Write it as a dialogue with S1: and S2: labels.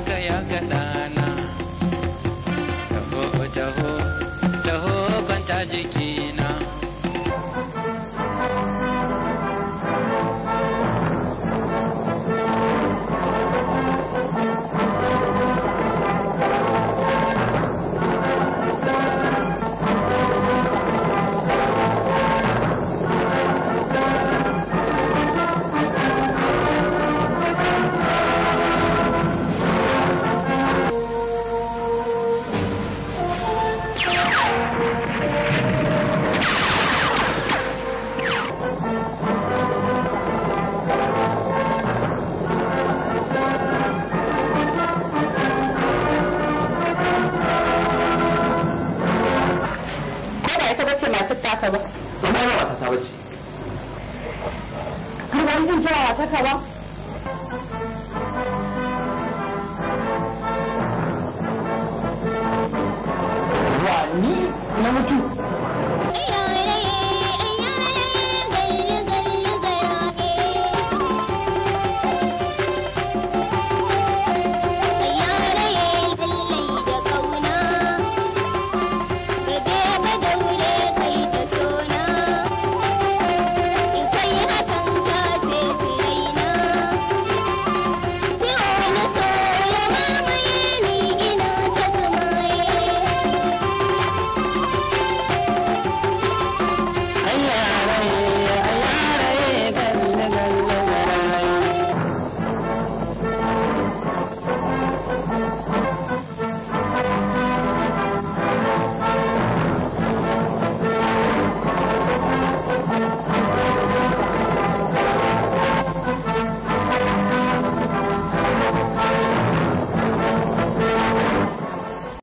S1: 華
S2: やか matata ba
S3: kuma ba ba ce har ba wa ni na mutu